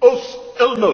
az önök.